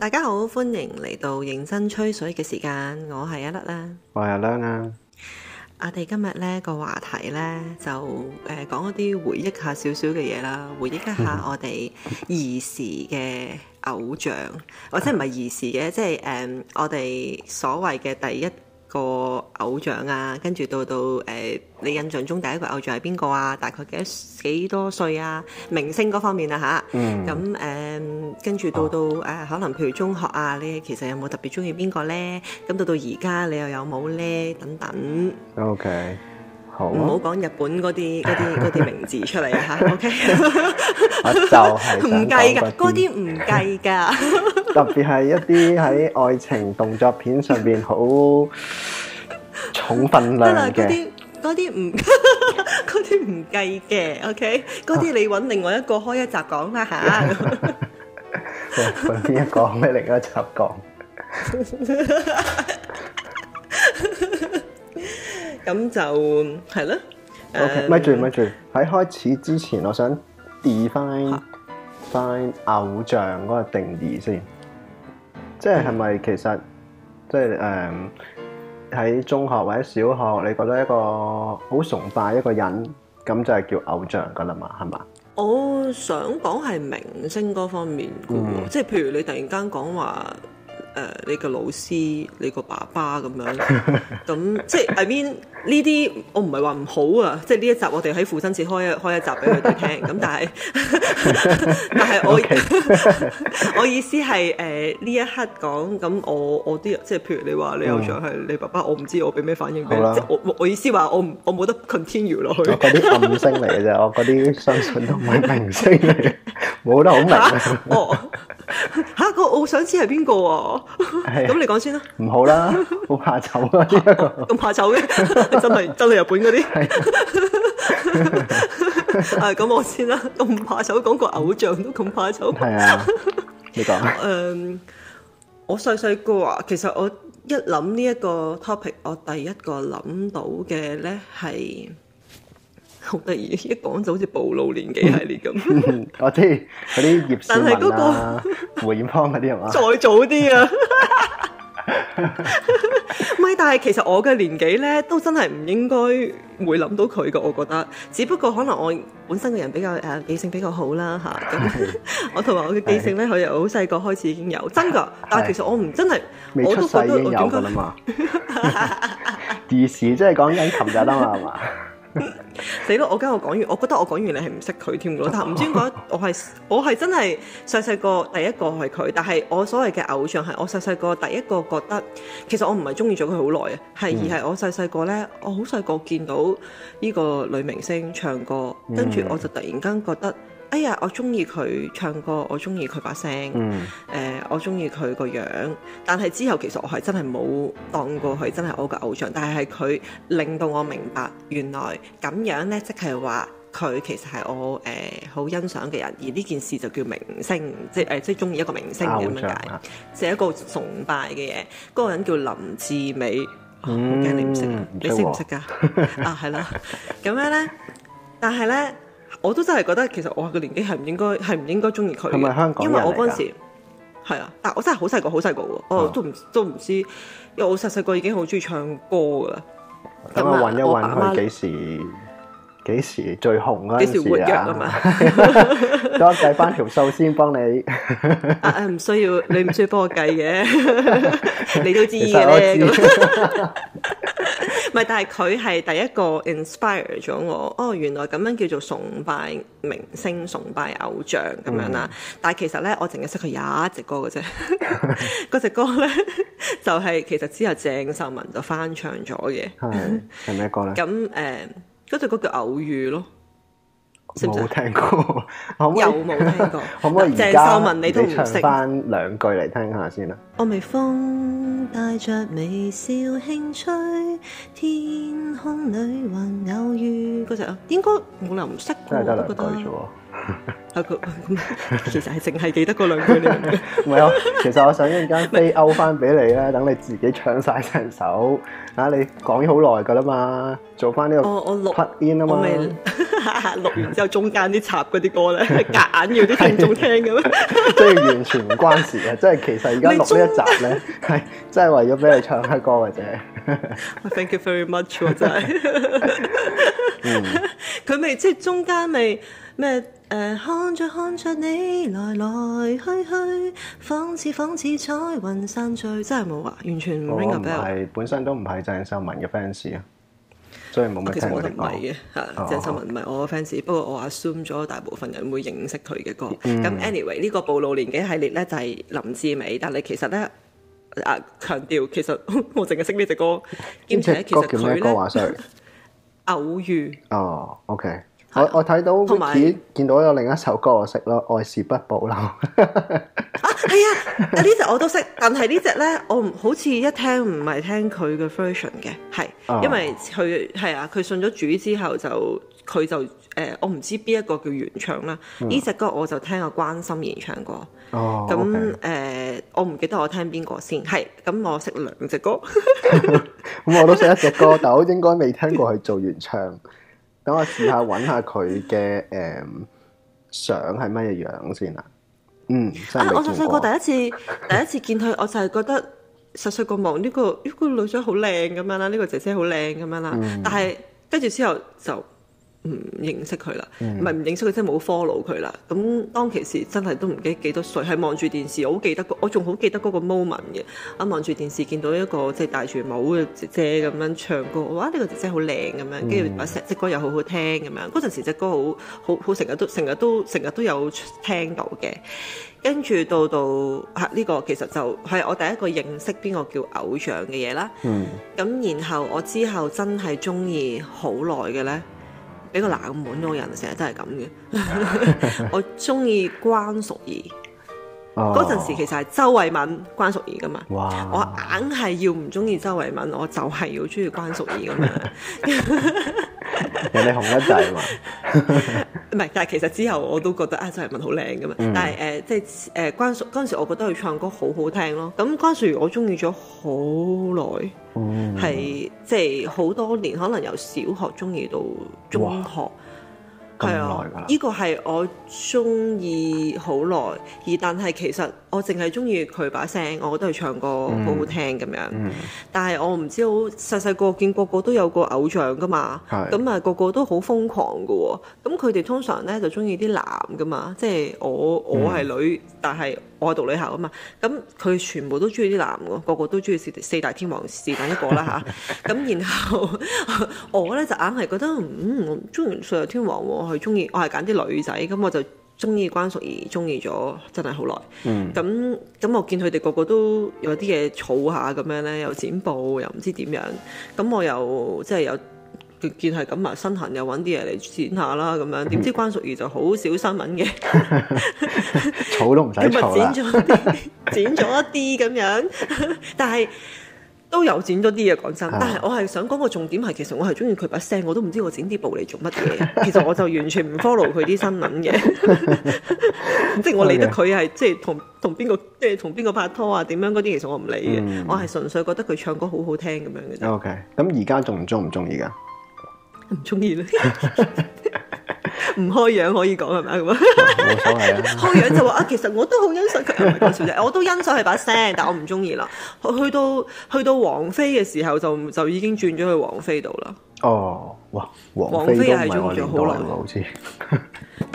大家好，歡迎嚟到認真吹水嘅時間，我係一粒啦，我係阿亮啊。我哋今日呢個話題呢，就誒、呃、講一啲回憶下少少嘅嘢啦，回憶一下我哋兒 時嘅偶像，或者唔係兒時嘅，即係誒、um, 我哋所謂嘅第一。個偶像啊，跟住到到誒、呃，你印象中第一個偶像係邊個啊？大概幾多幾多歲啊？明星嗰方面啊吓，咁誒、嗯嗯、跟住到到誒、哦啊，可能譬如中學啊，你其實有冇特別中意邊個呢？咁到到而家你又有冇呢？等等。O、okay. K，好、啊，唔好講日本嗰啲啲啲名字出嚟嚇。O K，我就唔計㗎，嗰啲唔計㗎。 特別係一啲喺愛情動作片上邊好重分量嘅，啲啲唔嗰啲唔計嘅，OK，嗰啲、啊、你揾另外一個開一集講啦吓。邊一個講咩？ 另一集講。咁 就係咯。OK，咪住咪住。喺開始之前，我想 define、啊、define 偶像嗰個定義先。即係係咪其實即係誒喺中學或者小學你覺得一個好崇拜一個人咁就係叫偶像噶啦嘛係嘛？我想講係明星嗰方面、嗯、即係譬如你突然間講話。誒、uh, 你個老師，你個爸爸咁樣，咁即係 I mean 呢啲我唔係話唔好啊，即係呢一集我哋喺父親節開一開一集俾佢哋聽，咁但係 但係我 Okay. 我意思係誒呢一刻講，咁我我啲即係譬如你話你有想係你爸爸，嗯、我唔知我俾咩反應你，吧即我我意思話我我冇得 continue 落去。嗰 啲暗星嚟嘅啫，我嗰啲相信都唔係明星嚟嘅， 冇得好明吓個我想知係邊個啊？咁你講先啦，唔好啦，好怕醜啊，咁怕醜嘅，真係真係日本嗰啲。啊，咁我先啦，啊，咁怕醜，講個偶像都咁怕醜。係啊，啊，啊，你講。誒，我細細個啊，其實我一諗呢一個 topic，我第一個諗到嘅咧係。好得意，一講就好似暴露年紀系列咁。我知嗰啲葉小文啦、胡燕芳嗰啲係嘛？再早啲啊！咪，但係其實我嘅年紀咧，都真係唔應該會諗到佢嘅。我覺得，只不過可能我本身嘅人比較誒記性比較好啦嚇。我同埋我嘅記性咧，佢由好細個開始已經有，真噶。但係其實我唔真係，我都覺得我已經有啦嘛。電視即係講緊琴日啦嘛。死咯！ 我跟我講完，我覺得我講完你係唔識佢添咯。但唔知點解，我係我係真係細細個第一個係佢。但係我所謂嘅偶像係我細細個第一個覺得，其實我唔係中意咗佢好耐啊，係而係我細細個咧，我好細個見到呢個女明星唱歌，跟住我就突然間覺得。哎呀，我中意佢唱歌，我中意佢把聲。嗯、呃。我中意佢個樣，但係之後其實我係真係冇當過佢真係我嘅偶像，但係佢令到我明白，原來咁樣呢，即係話佢其實係我誒好、呃、欣賞嘅人，而呢件事就叫明星，即係誒中意一個明星嘅咁解，即、啊、一個崇拜嘅嘢。嗰、嗰個人叫林志美，哦嗯、好驚你唔識，你識唔識㗎？啊，係啦，咁樣呢，但係呢。我都真係覺得，其實我個年紀係唔應該係唔應該中意佢，係咪香港人，因為我嗰陣時係啊，但我真係好細個，好細個喎，我都唔、哦、都唔知，因為我細細個已經好中意唱歌噶啦。咁我揾一揾佢幾時？幾時最紅啊？幾時活躍啊？嘛，多計翻條數先幫你。 啊，唔需要，你唔需要幫我計嘅， 你都知嘅咧。唔係， 但係佢係第一個 inspire 咗我。哦，原來咁樣叫做崇拜明星、崇拜偶像咁樣啦。嗯、但係其實咧，我淨係識佢有一隻歌嘅啫。嗰 隻歌咧，就係、是、其實之後鄭秀文就翻唱咗嘅。係係咩歌咧？咁誒。嗰隻歌叫偶遇咯，冇聽過， 可唔可以？鄭秀文你都唱翻兩句嚟聽下先啦。我微風帶着微笑輕吹，天空裏還偶遇。嗰隻啊，應該冇人唔識。真係得兩句啫喎！其實係淨係記得嗰兩句，唔係啊！其實我想一陣間飛勾翻，俾你啦，等你自己唱晒成首啊！你講咗好耐噶啦嘛，做翻呢個我我錄 in 啊嘛，錄完之後中間啲插嗰啲歌咧，夾硬要啲聽眾聽咁樣，即係完全唔關事嘅，即係其實而家錄呢一集咧，係真係為咗俾你唱下歌或者。Thank you very much，我真係。佢咪 即係中間咪咩？誒、呃，看着看着你來來去去，仿似仿似彩雲散聚，真係冇啊！完全唔 recognize。我唔係本身都唔係鄭秀文嘅 fans 啊，所以冇乜聽。其實我唔係嘅，啊，鄭、哦、秀文唔係我 fans，不過我 assume 咗大部分人會認識佢嘅歌。咁、嗯、anyway 呢個暴露年紀系列咧就係、是、林志美，但係其實咧啊強調，強調其實 我淨係識呢隻歌，兼且首其實佢偶遇哦，OK。我睇到見有見到有另一首歌我識咯，愛是不保留。 啊，係啊，呢隻我都識，但係呢隻呢，我唔好似一聽唔係聽佢嘅 version 嘅，係因為佢係啊，佢信咗主之後就佢就誒、呃，我唔知邊一個叫原唱啦。呢隻、嗯、歌我就聽阿關心妍唱過。哦，咁誒那 okay.、呃，我唔記得我聽邊個先，係咁，我識兩隻歌。咁 我都識一隻歌，但我應該未聽過佢做原唱。等 我試下揾下佢嘅誒相係乜嘢樣先啦。嗯、啊，我細細個第一次， 第一次見佢，我就係覺得細細個望呢個呢個女仔好靚咁樣啦，呢個姐姐好靚咁樣啦。但係跟住之後就。唔認識佢啦，唔係唔認識佢，真係冇 follow 佢啦。咁當其時真係都唔記得幾多歲，係望住電視，我好記得我仲好記得嗰個 moment 嘅。啊，望住電視見到一個即係戴住帽嘅姐姐咁樣唱歌，嘩呢個姐姐好靚咁樣，跟住把隻歌又好好聽咁樣。嗰陣時隻歌好好好成日都成日都成日都有聽到嘅。跟住到到吓，呢個其實就係我第一個認識邊個叫偶像嘅嘢啦。咁，嗯，然後我之後真係鍾意好耐嘅咧。比較冷門嗰個人成日都係咁嘅， 我中意關淑怡。嗰陣、oh. 時其實係周慧敏、關淑怡噶嘛，Wow. 我硬係要唔中意周慧敏，我就係要中意關淑怡咁樣。 人哋紅得滯嘛，唔係，但係其實之後我都覺得啊，周慧敏好靚噶嘛，嗯、但係誒、呃，即係誒、呃、關淑，嗰陣時我覺得佢唱歌好好聽咯。咁關淑怡我中意咗好耐，係即係好多年，可能由小學中意到中學，咁啊，呢啦。依個係我中意好耐，而但係其實。我淨係中意佢把聲，我覺得佢唱歌好好聽咁樣。嗯、但係我唔知，我細細個見個個都有個偶像㗎嘛。咁啊是，個個都好瘋狂㗎喎、哦。咁佢哋通常咧就中意啲男㗎嘛，即係我我係女，嗯、但係我係讀女校啊嘛。咁佢全部都中意啲男㗎，個個都中意四四大天王是但一個啦吓，咁、 啊、然後 我咧就硬係覺得，嗯，中意四大天王喎，係中意我係揀啲女仔，咁我就。中意關淑怡，中意咗真係好耐。咁咁、嗯，我見佢哋個個都有啲嘢儲下咁樣咧，又剪報，又唔知點樣。咁我又即係有見係咁啊，身痕又揾啲嘢嚟剪下啦咁樣。點知關淑怡就好少新聞嘅，儲 都唔使儲啦， 剪咗一啲咁 樣， 但係。都有剪咗啲嘢講真，但係我係想講個重點係，其實我係中意佢把聲，我都唔知我剪啲部嚟做乜嘢。 其實我就完全唔 follow 佢啲新聞嘅，即係我理得佢係即係同同邊個即係同邊個拍拖啊？點樣嗰啲其實我唔理嘅，mm. 我係純粹覺得佢唱歌好好聽咁樣嘅。OK，咁而家仲中唔中意噶？唔中意啦。唔開樣可以講係咪啊？ 哦，冇所謂啊。開樣就話啊，其實我都好欣賞佢、啊，我都欣賞佢把聲，但我唔中意咯。去到去到王菲嘅時候，就就已經轉咗去王菲度啦。哦，哇！王菲係中意咗好耐，好似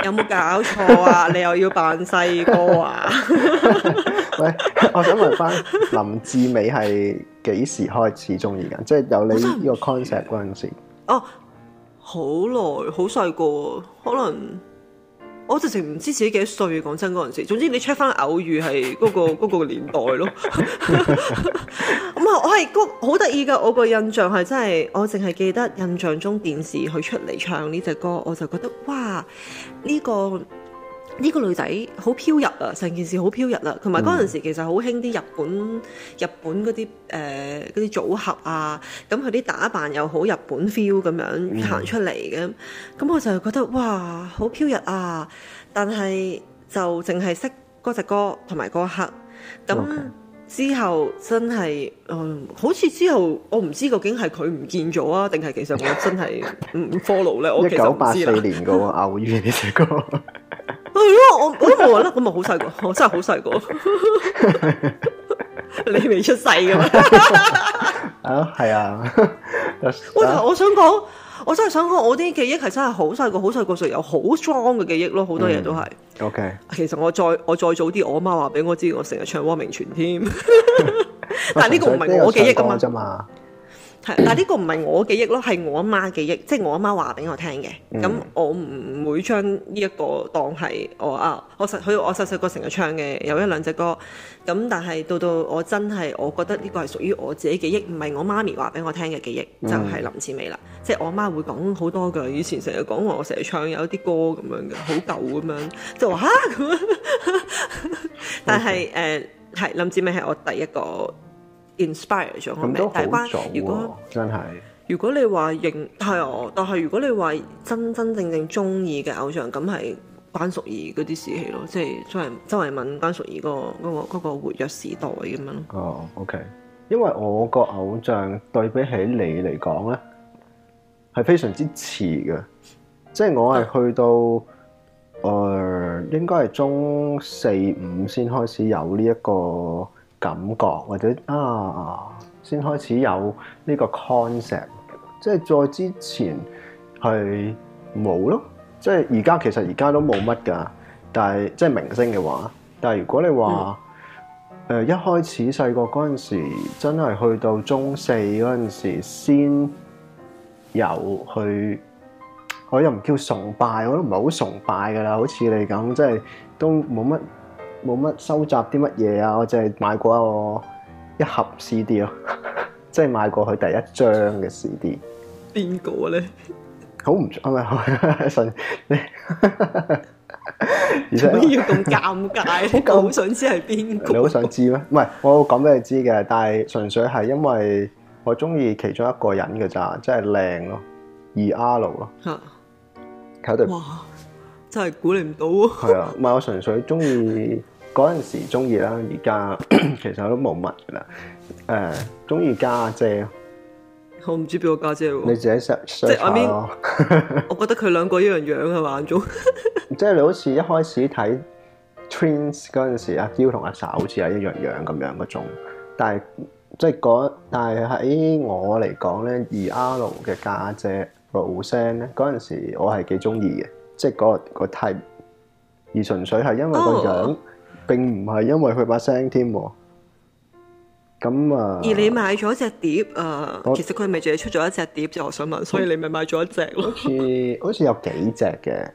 有冇搞錯啊？你又要扮細個啊？ 喂，我想問翻林志美係幾時開始中意嘅？即係有你呢個 concept 嗰陣時。哦、啊。好耐，好細個，可能我直情唔知自己幾多歲，講真嗰陣時。總之你 check 翻偶遇係嗰、嗰個嗰個年代咯。唔 係， 我係好得意嘅，我個印象係真係我淨係記得印象中電視佢出嚟唱呢隻歌，我就覺得哇呢、呢個。呢個女仔好飄逸啊！成件事好飄逸啊。同埋嗰陣時其實好興啲日本、嗯、日本嗰啲誒啲組合啊，咁佢啲打扮又好日本 feel 咁樣行出嚟嘅，咁、嗯、我就係覺得哇，好飄逸啊！但係就淨係識嗰隻歌同埋嗰刻，咁、嗯、之後真係嗯，好似之後我唔知究竟係佢唔見咗啊，定係其實我真係唔 follow 咧， 我其實就知啦。一九八四年嘅喎，偶遇呢首歌。啊！ 我我都冇話啦，我咪好細個，我真係好細個， 你未出世噶嘛？啊，係啊！喂，我想講，我真係想講，我啲記憶其實係好細個，好細個就有好 strong 嘅記憶咯，好多嘢都係、嗯。OK，其實我再我再早啲，我阿媽話俾我知，我成日唱汪明荃添。 但係呢個唔係我記憶噶嘛。 係， 但係呢個唔係我記憶咯，係我阿媽，媽記憶，即係我阿媽話俾我聽嘅。咁、嗯、我唔會將呢一個當係、oh, 我啊，我實佢我細細個成日唱嘅有一兩隻歌。咁但係到到我真係，我覺得呢個係屬於我自己記憶，唔係我媽咪話俾我聽嘅記憶，就係、是、林志美啦。嗯、即係我阿媽，媽會講好多嘅，以前成日講話我成日唱有啲歌咁樣嘅，好舊咁樣，就話嚇咁樣。 但係誒係林志美係我第一個。inspire 咗我，Insp 都啊、但係關如果真係，如果你話認係啊，但係如果你話真真正正中意嘅偶像，咁係關淑怡嗰啲時期咯，即係即係周慧敏、關淑怡、嗰個嗰、嗰個嗰個活躍時代咁樣。哦、oh，OK，因為我個偶像對比起你嚟講咧，係非常之遲嘅，即係我係去到，誒 Yeah.、呃、應該係中四五先開始有呢、呢、一個。感覺或者啊，先開始有呢個 concept，即係再之前係冇咯。即係而家其實而家都冇乜噶，但係即係明星嘅話，但係如果你話誒、嗯呃、一開始細個嗰陣時，真係去到中四嗰陣時先有去，我又唔叫崇拜，我都唔係好崇拜噶啦。好似你咁，即係都冇乜。冇乜收集啲乜嘢啊！我淨係買過一個一盒 C D 咯， 即係買過佢第一張嘅 C D。邊個咧？好唔出啊！咪信你，做乜要咁尷尬咧？我好想知係邊個。 你好想知咩？唔係，我講俾你知嘅，但係純粹係因為我中意其中一個人嘅咋，即係靚咯，二 R 咯。吓，哇！真係估你唔到啊！係 啊，唔 hart 係我純粹中意。 嗰陣時中意啦，而家其實都冇乜噶啦。誒，中意家姐，我唔知邊個家姐你自己石石排，我覺得佢兩個一樣樣係嘛種，即係你好似一開始睇 Twins 嗰陣時，阿嬌同阿 Sa 好似係一樣樣咁樣嗰種，但係即係但係喺我嚟講咧，2R 嘅家姐 Rosanne 咧，嗰陣時我係幾中意嘅，即係嗰個個 type 而純粹係因為個樣，並唔係因為佢把聲添，咁啊。而你買咗隻碟啊？其實佢咪淨係出咗一隻碟，就我，我想問，所以你咪買咗一隻咯？好似有幾隻嘅，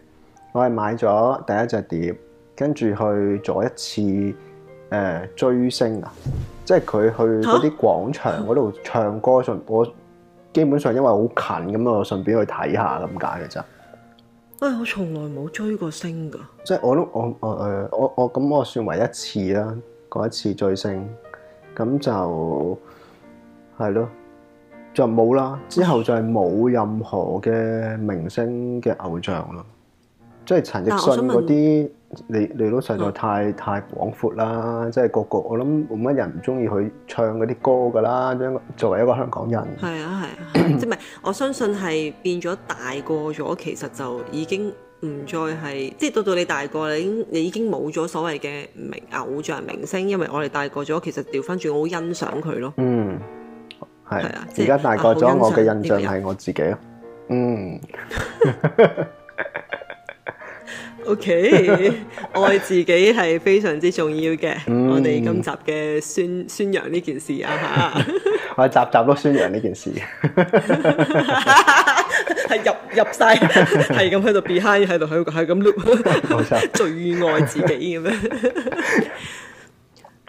我係買咗第一隻碟，跟住去咗一次誒、啊、追星啊，啊即係佢去嗰啲廣場嗰度唱歌，順我、啊、基本上因為好近咁啊，順便去睇下咁解嘅咋。喂，我從來冇追過星㗎，即係我都我我誒我我咁我算為一次啦，嗰一次追星，咁就係咯，就冇啦。之後就係冇任何嘅明星嘅偶像啦，即係陳奕迅嗰啲。你你都實在太太廣闊啦，嗯、即係個個我諗冇乜人唔中意去唱嗰啲歌噶啦，作為一個香港人。係啊係，啊 即係唔係？我相信係變咗大個咗，其實就已經唔再係，即係到到你大個啦，已經你已經冇咗所謂嘅明偶像明星，因為我哋大個咗，其實調翻轉我好欣賞佢咯。嗯，係啊，而家大個咗，啊、我嘅印象係我自己咯。嗯。 O、okay, K，愛自己係非常之重要嘅。嗯、我哋今集嘅宣宣揚呢件事啊吓，我集集都宣揚呢件事，係 入入晒，係咁喺度 behind，喺度喺個，係咁 loop，冇錯，最愛自己咁樣。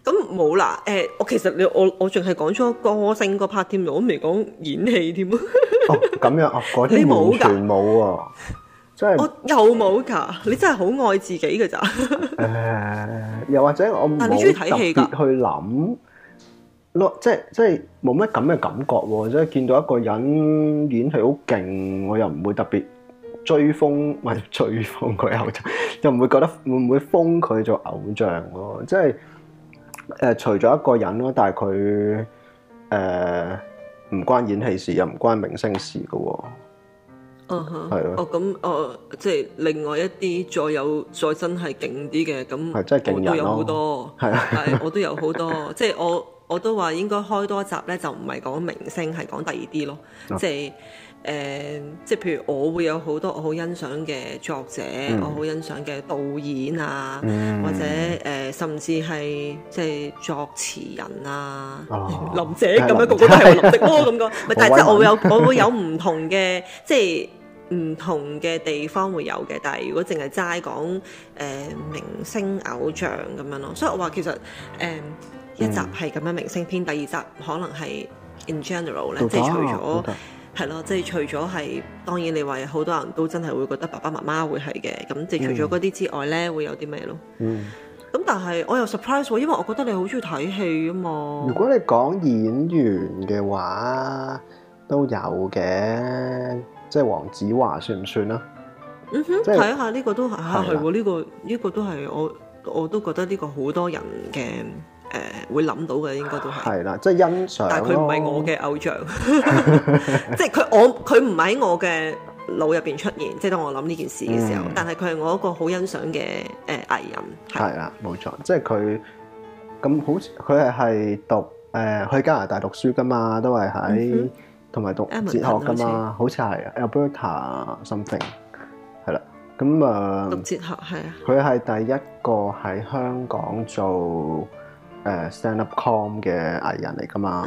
咁冇啦，誒、呃，我其實你我我仲係講咗歌星個 part 添，我未講演戲添。哦，咁樣啊，嗰啲完全冇啊。我又冇噶，你真係好愛自己噶咋？誒 呃，又或者我唔中意睇戲，冇特別去諗咯，即係即係冇乜咁嘅感覺、啊。即係見到一個人演戲好勁，我又唔會特別追風，唔係追風佢偶像，又唔會覺得會唔會封佢做偶像咯、啊？即係誒、呃，除咗一個人咯，但係佢誒唔關演戲事，又唔關明星事噶、啊。嗯哼，哦咁，哦即係另外一啲，再有再真係勁啲嘅，咁我都有好多，係啊，我都有好多，即係我我都話，應該開多集咧，就唔係講明星，係講第二啲咯，即係誒，即係譬如我會有好多我好欣賞嘅作者，我好欣賞嘅導演啊，或者誒，甚至係即係作詞人啊，林夕咁樣個個都係話林夕咯咁個，唔係，但係即係我會有我會有唔同嘅即係。唔同嘅地方會有嘅，但係如果淨係齋講誒明星偶像咁樣咯，所以我話其實誒、呃、一集係咁樣明星篇，第二集可能係 in general 咧，即係除咗係咯，即係除咗係當然你話好多人都真係會覺得爸爸媽媽會係嘅，咁即係除咗嗰啲之外咧，嗯、會有啲咩咯？嗯，咁但係我又 surprise 喎，因為我覺得你好中意睇戲啊嘛。如果你講演員嘅話，都有嘅。即係黃子華算唔算啊？嗯哼，睇下呢個都吓係喎，呢對了、啊這個呢、這個都係我我都覺得呢個好多人嘅誒、呃、會諗到嘅，應該都係係啦，即係、就是、欣賞。 但係佢唔係我嘅偶像，即係佢我佢唔喺我嘅腦入邊出現，即、就、係、是、當我諗呢件事嘅時候，但係佢係我一個好欣賞嘅誒藝人。係啦，冇錯、嗯哼，即係佢咁好，似，佢係係讀誒去加拿大讀書噶嘛，都係喺。嗯同埋讀哲學噶嘛，好似係 Alberta something 係啦，咁啊哲學係啊，佢係第一個喺香港做誒、uh, stand up com 嘅藝人嚟噶嘛，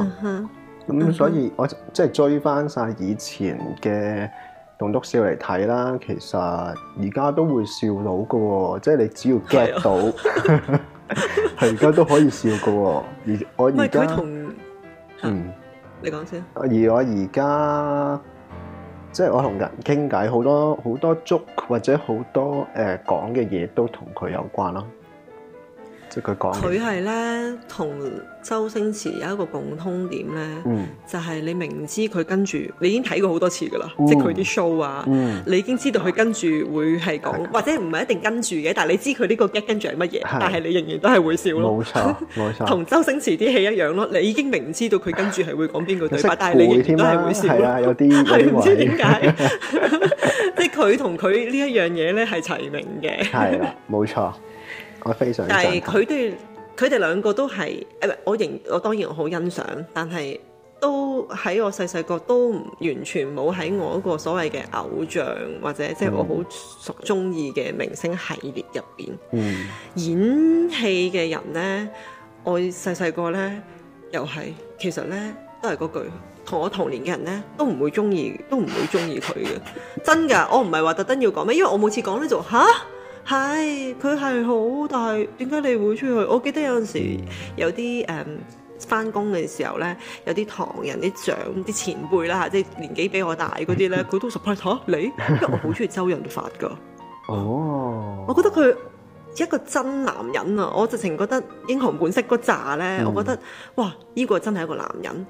咁 所以 我即係、就是、追翻晒以前嘅棟篤笑嚟睇啦，其實而家都會笑到嘅喎，即、就、係、是、你只要 get 到，係而家都可以笑嘅喎，而我而家同嗯。 你講先。而我而家即係我同人傾偈，好多好多粥或者好多誒講嘅嘢都同佢有關囉。佢係咧同周星馳有一個共通點咧，就係你明知佢跟住，你已經睇過好多次噶啦，即係佢啲 show 啊，你已經知道佢跟住會係講，或者唔係一定跟住嘅，但係你知佢呢個 get 跟住係乜嘢，但係你仍然都係會笑咯，冇錯，冇錯，同周星馳啲戲一樣咯，你已經明知道佢跟住係會講邊個對話，但係你仍然都係會笑咯，係啦，有啲唔知點解，即係佢同佢呢一樣嘢咧係齊名嘅，係冇錯。但係佢哋佢哋兩個都係誒，我仍我當然我好欣賞，但係都喺我細細個都唔完全冇喺我嗰個所謂嘅偶像或者即係我好熟中意嘅明星系列入邊，嗯、演戲嘅人呢，我細細個呢，又係，其實呢，都係嗰句，同我同年嘅人呢，都唔會中意，都唔會中意佢嘅，真噶，我唔係話特登要講咩，因為我每次講呢就吓。係，佢係好，但係點解你會出去？我記得有陣時有啲誒翻工嘅時候咧，有啲、嗯、唐人啲長啲前輩啦嚇，即係年紀比我大嗰啲咧，佢都十 u p 你，因為我好中意周潤發噶。哦，我覺得佢一個真男人啊！我直情覺得英雄本色嗰紮咧，嗯、我覺得哇，呢、這個真係一個男人。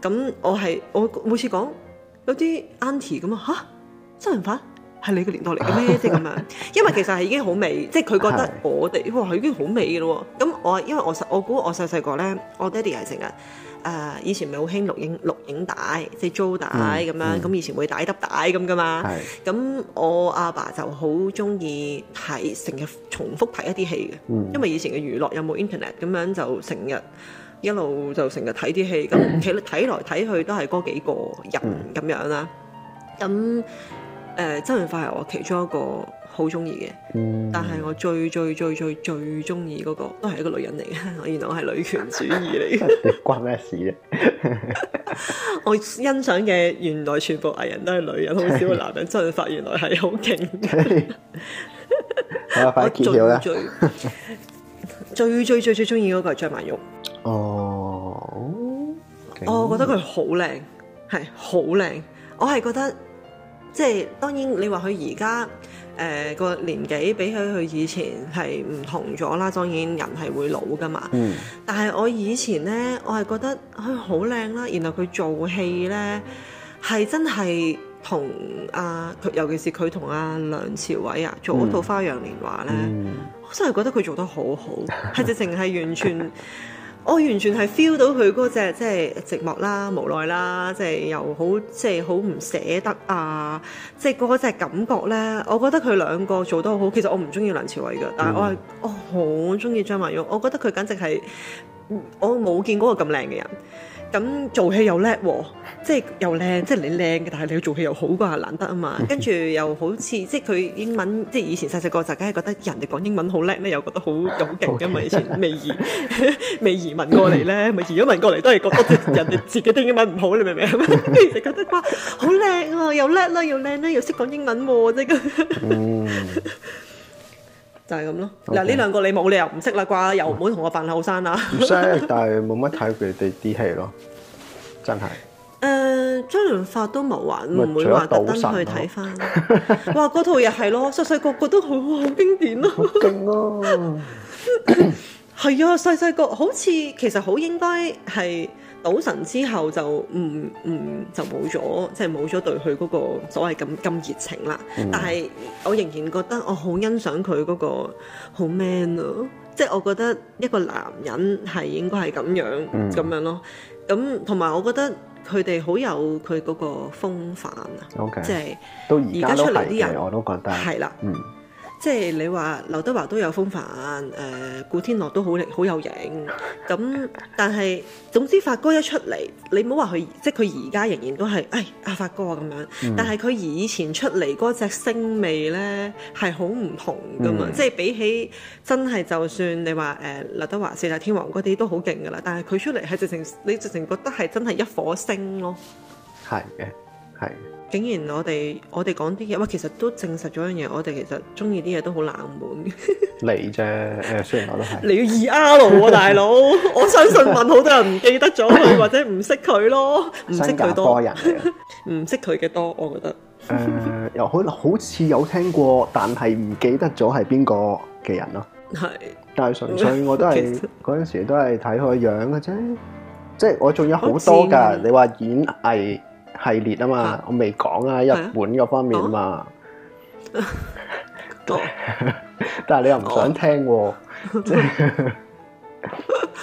咁我係我每次講有啲 anti 咁啊，嚇周潤發。係你個年代嚟嘅咩？即係咁樣， 因為其實係已經好美， 即係佢覺得我哋佢已經好美咯。咁我 因為我細，我估我細細個咧，我爹哋係成日誒，以前咪好興錄影錄影帶，即係租帶咁樣。咁以前會帶揼帶咁噶嘛。咁 我阿爸，爸就好中意睇，成日重複睇一啲戲嘅。 因為以前嘅娛樂有冇 internet，咁樣就成日一路就成日睇啲戲，咁其實睇來睇去都係嗰幾個人咁 樣啦。咁誒、呃，周潤發係我其中一個好中意嘅，嗯、但係我最最最最最中意嗰個都係一個女人嚟嘅。我原來我係女權主義嚟嘅，關咩 事咧？ 我欣賞嘅原來全部藝人都係女人，好少男人。 周潤發原來係好勁嘅。快揭曉最最最最最中意嗰個係張曼玉。哦，oh, okay. 我覺得佢好靚，係好靚。我係覺得。即係當然你，你話佢而家誒個年紀比起佢以前係唔同咗啦，當然人係會老㗎嘛。嗯、但係我以前呢，我係覺得佢好靚啦，然後佢做戲呢，係真係同阿，尤其是佢同阿梁朝偉啊做嗰套《花樣年華》咧、嗯，我真係覺得佢做得好好，係直情係完全。我完全係 feel 到佢嗰隻即係寂寞啦、無奈啦，即係又好即係好唔捨得啊！即係嗰隻感覺咧，我覺得佢兩個做得好好。其實我唔中意梁朝偉嘅，但係我係我好中意張曼玉。我覺得佢簡直係我冇見過嗰個咁靚嘅人。咁做戲又叻，即係又靚，即係你靚嘅，但係你要做戲又好啩，難得啊嘛。跟住又好似即係佢英文，即係以前細細個，大家係覺得人哋講英文好叻咧，又覺得好又好勁嘅嘛。以前未移未移民過嚟咧，咪移咗民過嚟都係覺得即人哋自己聽英文唔好，你明唔明？跟住就覺得哇，好叻啊，又叻啦，又靚啦，又識講英文喎，即係。嗯就係咁咯，嗱呢兩個你冇理由唔識啦啩，又唔會同我扮後生啊？唔 識，但係冇乜睇佢哋啲戲咯，真係。誒張潤發都冇玩，唔是會話特登去睇翻。啊、 哇，嗰套又係咯，細細個個得好好經典咯，勁 啊！係 啊，細細個好似其實好應該係。早晨之後就唔唔、嗯嗯、就冇咗，即係冇咗對佢嗰個所謂咁咁熱情啦。嗯、但係我仍然覺得我好欣賞佢嗰、嗰個好 man 啊！即、就、係、是、我覺得一個男人係應該係咁樣咁、嗯、樣咯。咁同埋我覺得佢哋好有佢嗰個風範啊。OK、即係到而家出嚟啲人，我都覺得係啦。了嗯。即係你話劉德華都有風範，誒、呃、古天樂都好力好有型，咁但係總之發哥一出嚟，你唔好話佢，即係佢而家仍然都係誒阿發哥咁樣，但係佢以前出嚟嗰隻星味咧係好唔同噶嘛，嗯、即係比起真係就算你話誒、呃、劉德華四大天王嗰啲都好勁噶啦，但係佢出嚟係直情你直情覺得係真係一顆星咯，係嘅。係，是竟然我哋我哋講啲嘢，哇，其實都證實咗一樣嘢，我哋其實中意啲嘢都好冷門嘅。你啫，誒，雖然我都係。你要二 R、喔、大佬，我相信問好多人唔記得咗佢， 或者唔識佢咯，唔識佢多。唔 識佢嘅多，我覺得。又可、呃、好似有聽過，但係唔記得咗係邊個嘅人咯。係是，但係純粹我都係嗰陣時都係睇佢樣嘅啫，即係我仲有多好多噶。你話演藝。系列啊嘛，我未講啊，日本嗰方面啊嘛，但係你又唔想聽，即係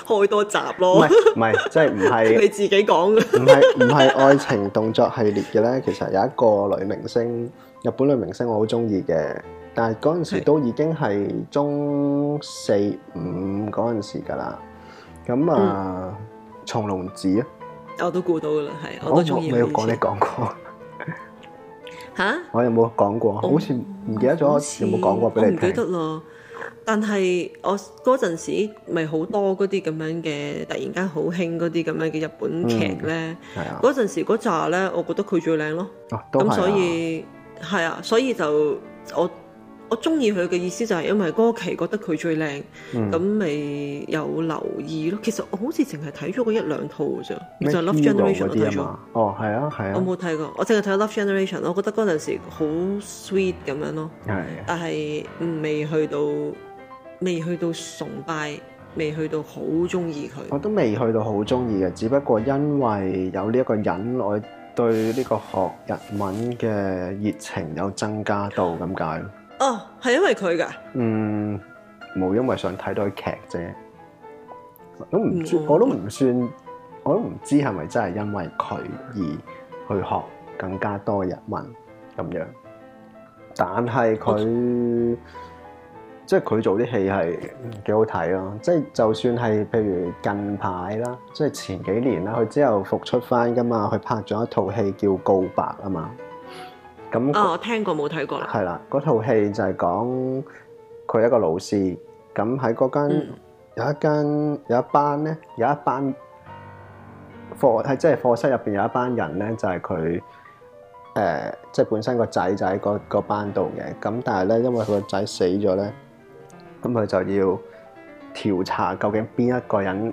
開多集咯，唔係，即係唔係你自己講嘅，唔係唔係愛情動作系列嘅咧。其實有一個女明星，日本女明星我好中意嘅，但係嗰陣時都已經係中四五嗰陣時噶啦，咁啊，松隆子啊。我都估到噶啦，係啊，我都中意我、， 啊、我有講你講過，吓我？我有冇講過，好似唔記得咗，有冇講過俾你聽？我唔記得咯。但係我嗰陣時咪好多嗰啲咁樣嘅，突然間好興嗰啲咁樣嘅日本劇咧。係啊、嗯。嗰陣時嗰紮咧，我覺得佢最靚咯。咁、啊、所以係啊，所以就我。我中意佢嘅意思就係，因為嗰期覺得佢最靚，咁未、嗯、有留意咯。其實我好似淨係睇咗嗰一兩套咋，啫。Love Generation 都睇咗哦，係啊，係啊。我冇睇過，我淨係睇 Love Generation。我覺得嗰陣時好 sweet 咁樣咯，係的，但係未去到未去到崇拜，未去到好中意佢。我都未去到好中意嘅，只不過因為有呢一個人，我對呢個學日文嘅熱情有增加到咁解。哦，係、oh, 因為佢噶，嗯，冇因為想睇到啲劇啫，都唔，我都唔算，是算，我都唔知係咪真係因為佢而去學更加多日文咁樣，但係佢 Okay. 即係佢做啲戲係幾好睇咯，即係就算係譬如近排啦，即係前幾年啦，佢之後復出翻噶嘛，佢拍咗一套戲叫告白啊嘛。那哦，我聽過冇睇過啦。係啦，嗰套戲就係講佢一個老師，咁喺嗰間、嗯、有一間有一班咧，有一班課係即係課室入邊有一班人咧，就係佢誒即係本身個仔就喺嗰個班度嘅，咁但係咧因為佢個仔死咗咧，咁佢就要調查究竟邊一個人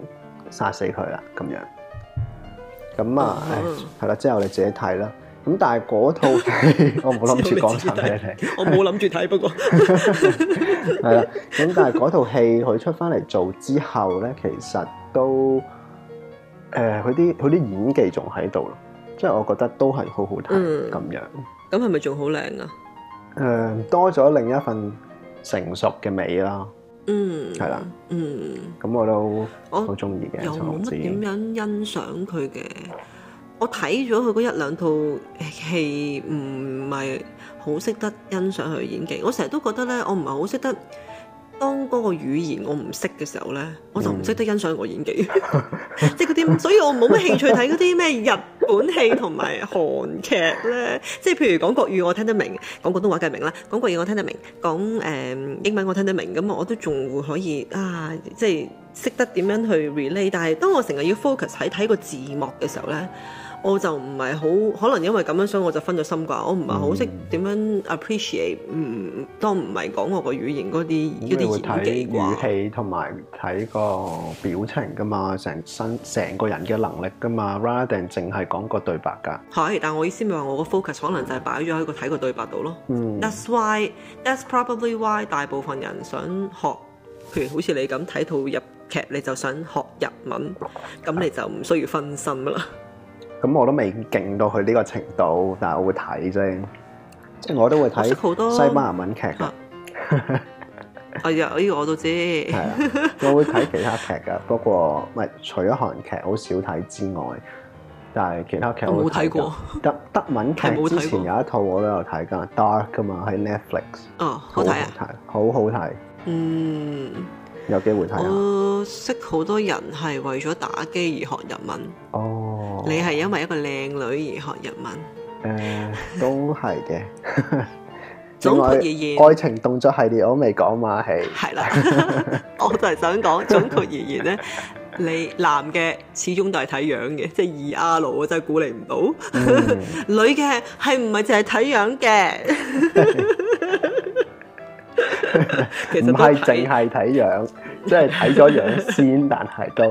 殺死佢啦，咁樣。咁啊，係啦、哦，之後你自己睇啦。咁但係嗰套戲， 我冇諗住講場俾你睇。 我冇諗住睇不過 係啦，咁但係嗰套戲佢出翻嚟做之後咧，其實都誒佢啲佢啲演技仲喺度咯，即係我覺得都係好好睇咁樣。咁係咪仲好靚啊？誒，多咗另一份成熟嘅美啦。嗯，係啦了。嗯，咁我都好中意嘅。我 有冇乜點樣欣賞佢嘅？我睇咗佢嗰一兩套戲，唔係好識得欣賞佢演技。我成日都覺得咧，我唔係好識得當嗰個語言我唔識嘅時候咧，我就唔識得欣賞我演技。即係嗰啲，所以我冇乜興趣睇嗰啲咩日本戲同埋韓劇咧。即係譬如講國語我聽得明，講廣東話梗係明啦，講國語我聽得明，講誒英文我聽得明，咁我都仲會可以啊，即係識得點樣去 relate。但係當我成日要 focus 喺睇個字幕嘅時候咧。我就唔係好，可能因為咁樣，所以我就分咗心啩。我唔係好識點樣 appreciate，嗯，都唔係講我個語言嗰啲啲語氣。同埋睇個表情㗎嘛，成身成個人嘅能力㗎嘛。rather than 淨係講個對白㗎。係，但我意思咪話我個 focus 可能就係擺咗喺個睇個對白度咯。嗯、that's why, that's probably why 大部分人想學，譬如好似你咁睇套日劇，你就想學日文，咁你就唔需要分心㗎啦。咁我都未勁到佢呢個程度，但係我會睇啫，即係我都會睇西班牙文劇。係 啊、哎，依、呢個我都知。啊， 我會睇其他劇噶，不過唔係除咗韓劇好少睇之外，但係其他劇我冇睇過。德德文劇之前有一套我都有睇噶，Dark 噶嘛喺 Netflix。Net flix，哦，很好睇啊！好好睇。嗯。有機會睇。我識好多人係為咗打機而學日文。哦，oh. 你係因為一個靚女而學日文。誒、呃，都係嘅。 總括而言，愛情動作系列我未講馬戲。係啦，我就係想講總括而言咧，你男嘅始終都係睇樣嘅，即係二阿佬，我真係鼓勵唔到。Mm. 女嘅係唔係淨係睇樣嘅？ 其實唔係淨係睇樣， 即係睇咗樣先，但係都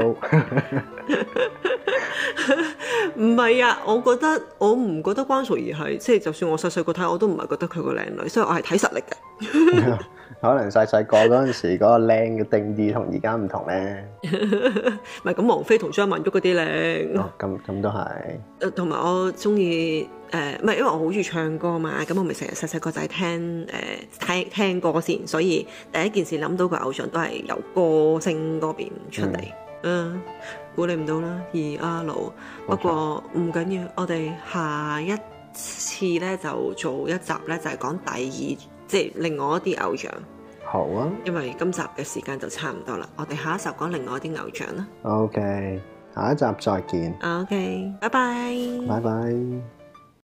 唔係 啊！我覺得我唔覺得關淑怡係，即、就、係、是、就算我細細個睇，我都唔係覺得佢個靚女，所以我係睇實力嘅。 可能細細個嗰陣時嗰個靚嘅定義同而家唔同咧。唔係咁，王菲同張曼玉嗰啲靚。哦，咁咁都係。同埋我中意。誒唔係，因為我好中意唱歌嘛，咁我咪成日細細個仔係聽誒、呃、聽，聽歌先，所以第一件事諗到個偶像都係由歌星嗰邊出嚟。嗯，估你唔到啦，2R，不過唔緊要，我哋下一次咧就做一集咧，就係、是、講第二即係另外一啲偶像。好啊，因為今集嘅時間就差唔多啦，我哋下一集講另外一啲偶像啦。OK，下一集再見。OK，拜拜。拜拜。